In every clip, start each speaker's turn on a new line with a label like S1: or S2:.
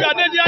S1: Daga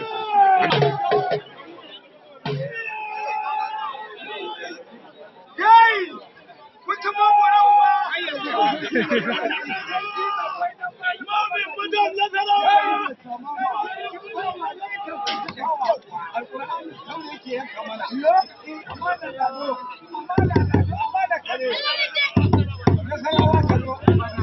S1: Nasarawa Kano.